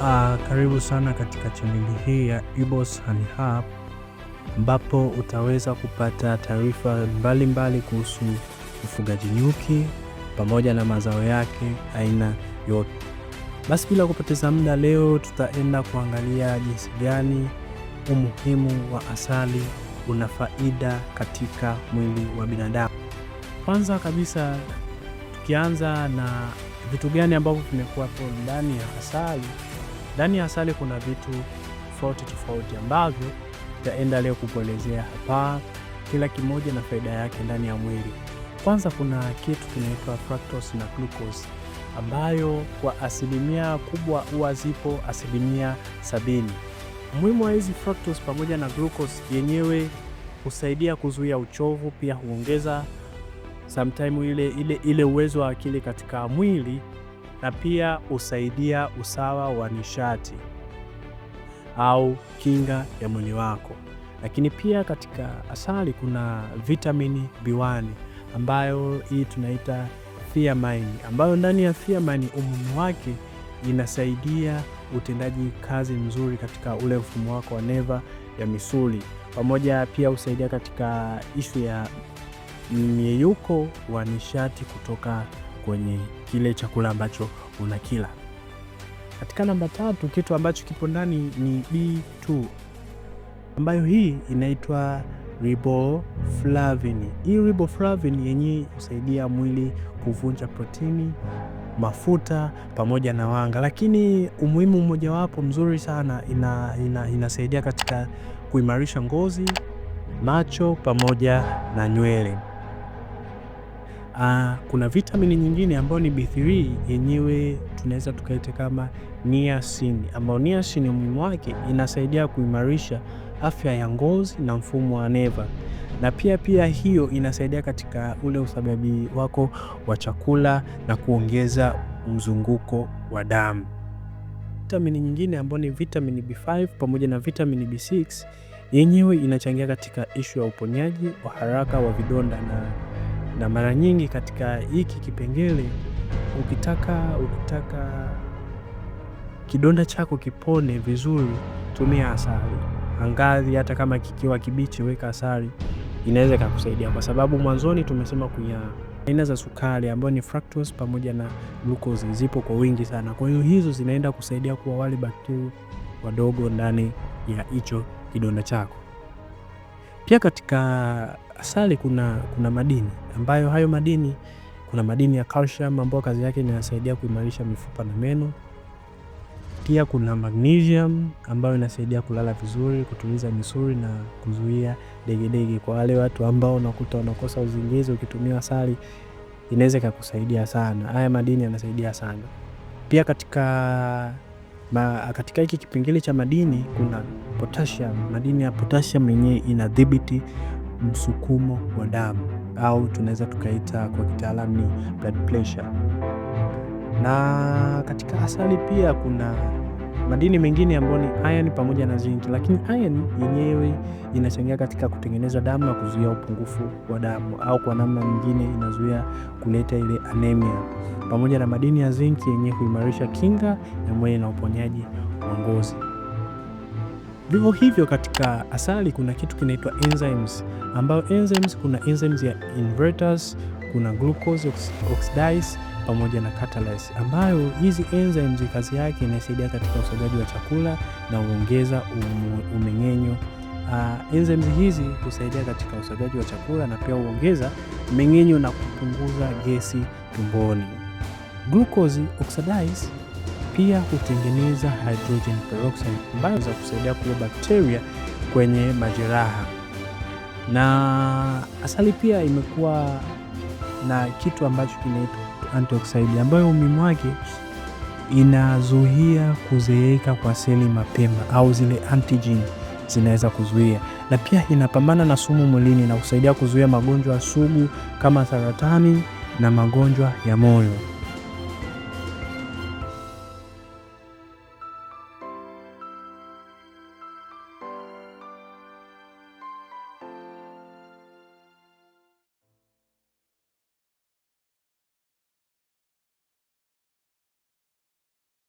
Uh, karibu sana katika chaneli hii ya Ibo's Honey Hub ambapo utaweza kupata taarifa mbalimbali kuhusu ufugaji nyuki pamoja na mazao yake aina yote. Basi bila kupoteza muda, leo tutaenda kuangalia jinsi gani umuhimu wa asali una faida katika mwili wa binadamu. Kwanza kabisa tukianza na vitu gani ambavyo vimekuwa ndani ya asali ndani ya asali kuna vitu tofauti tofauti ambavyo taenda leo kukuelezea hapa, kila kimoja na faida yake ndani ya mwili. Kwanza kuna kitu kinaitwa fructose na glucose ambayo kwa asilimia kubwa huwa zipo asilimia sabini. Umuhimu wa hizi fructose pamoja na glucose yenyewe husaidia kuzuia uchovu, pia huongeza sometime ile ile ile uwezo wa akili katika mwili na pia husaidia usawa wa nishati au kinga ya mwili wako. Lakini pia katika asali kuna vitamini B1 ambayo hii tunaita thiamine, ambayo ndani ya thiamine umuhimu wake inasaidia utendaji kazi mzuri katika ule mfumo wako wa neva ya misuli, pamoja pia husaidia katika ishu ya myeyuko wa nishati kutoka kwenye kile chakula ambacho unakila. Katika namba tatu, kitu ambacho kipo ndani ni B2 ambayo hii inaitwa riboflavin. Hii riboflavin yenyewe husaidia mwili kuvunja protini, mafuta pamoja na wanga, lakini umuhimu mmojawapo mzuri sana ina, ina, inasaidia katika kuimarisha ngozi, macho pamoja na nywele. Aa, ah, kuna vitamini nyingine ambayo ni B3 yenyewe tunaweza tukaita kama niacin, ambayo niacin umuhimu wake inasaidia kuimarisha afya ya ngozi na mfumo wa neva, na pia pia hiyo inasaidia katika ule usababi wako wa chakula na kuongeza mzunguko wa damu. Vitamini nyingine ambayo ni vitamini B5 pamoja na vitamini B6 yenyewe inachangia katika ishu ya uponyaji wa haraka wa vidonda na na mara nyingi katika hiki kipengele ukitaka ukitaka kidonda chako kipone vizuri, tumia asali angazi, hata kama kikiwa kibichi, weka asali, inaweza ikakusaidia, kwa sababu mwanzoni tumesema kuna aina za sukari ambayo ni fructose pamoja na glucose zipo kwa wingi sana. Kwa hiyo hizo zinaenda kusaidia kuwa wale bakteria wadogo ndani ya hicho kidonda chako. Pia katika asali kuna, kuna madini ambayo hayo madini kuna madini ya calcium ambayo kazi yake inasaidia kuimarisha mifupa na meno. Pia kuna magnesium ambayo inasaidia kulala vizuri, kutuliza misuli na kuzuia degedege. Kwa wale watu ambao unakuta unakosa uzingizi, ukitumia asali inaweza ikakusaidia sana. Haya madini yanasaidia sana pia katika ma, katika hiki kipengele cha madini kuna potassium. Madini ya potassium yenyewe inadhibiti msukumo wa damu au tunaweza tukaita kwa kitaalamu ni blood pressure. Na katika asali pia kuna madini mengine ambayo ni iron pamoja na zinki, lakini iron yenyewe inachangia katika kutengeneza damu na kuzuia upungufu wa damu, au kwa namna nyingine inazuia kuleta ile anemia, pamoja na madini ya zinki yenyewe huimarisha kinga ya mwili na uponyaji wa ngozi. Vivyo hivyo katika asali kuna kitu kinaitwa enzymes, ambayo enzymes kuna enzymes ya inverters, kuna glucose oxidase pamoja na catalase, ambayo hizi enzymes kazi yake inasaidia katika usagaji wa chakula na huongeza umeng'enyo. Uh, enzymes hizi husaidia katika usagaji wa chakula na pia huongeza meng'enyo na kupunguza gesi tumboni. Glucose oxidase pia hutengeneza hydrogen peroxide ambayo za kusaidia kuua bakteria kwenye majeraha. Na asali pia imekuwa na kitu ambacho kinaitwa antioxidant ambayo umuhimu wake inazuia kuzeeka kwa seli mapema au zile antigen zinaweza kuzuia, na pia inapambana na sumu mwilini na kusaidia kuzuia magonjwa sugu kama saratani na magonjwa ya moyo.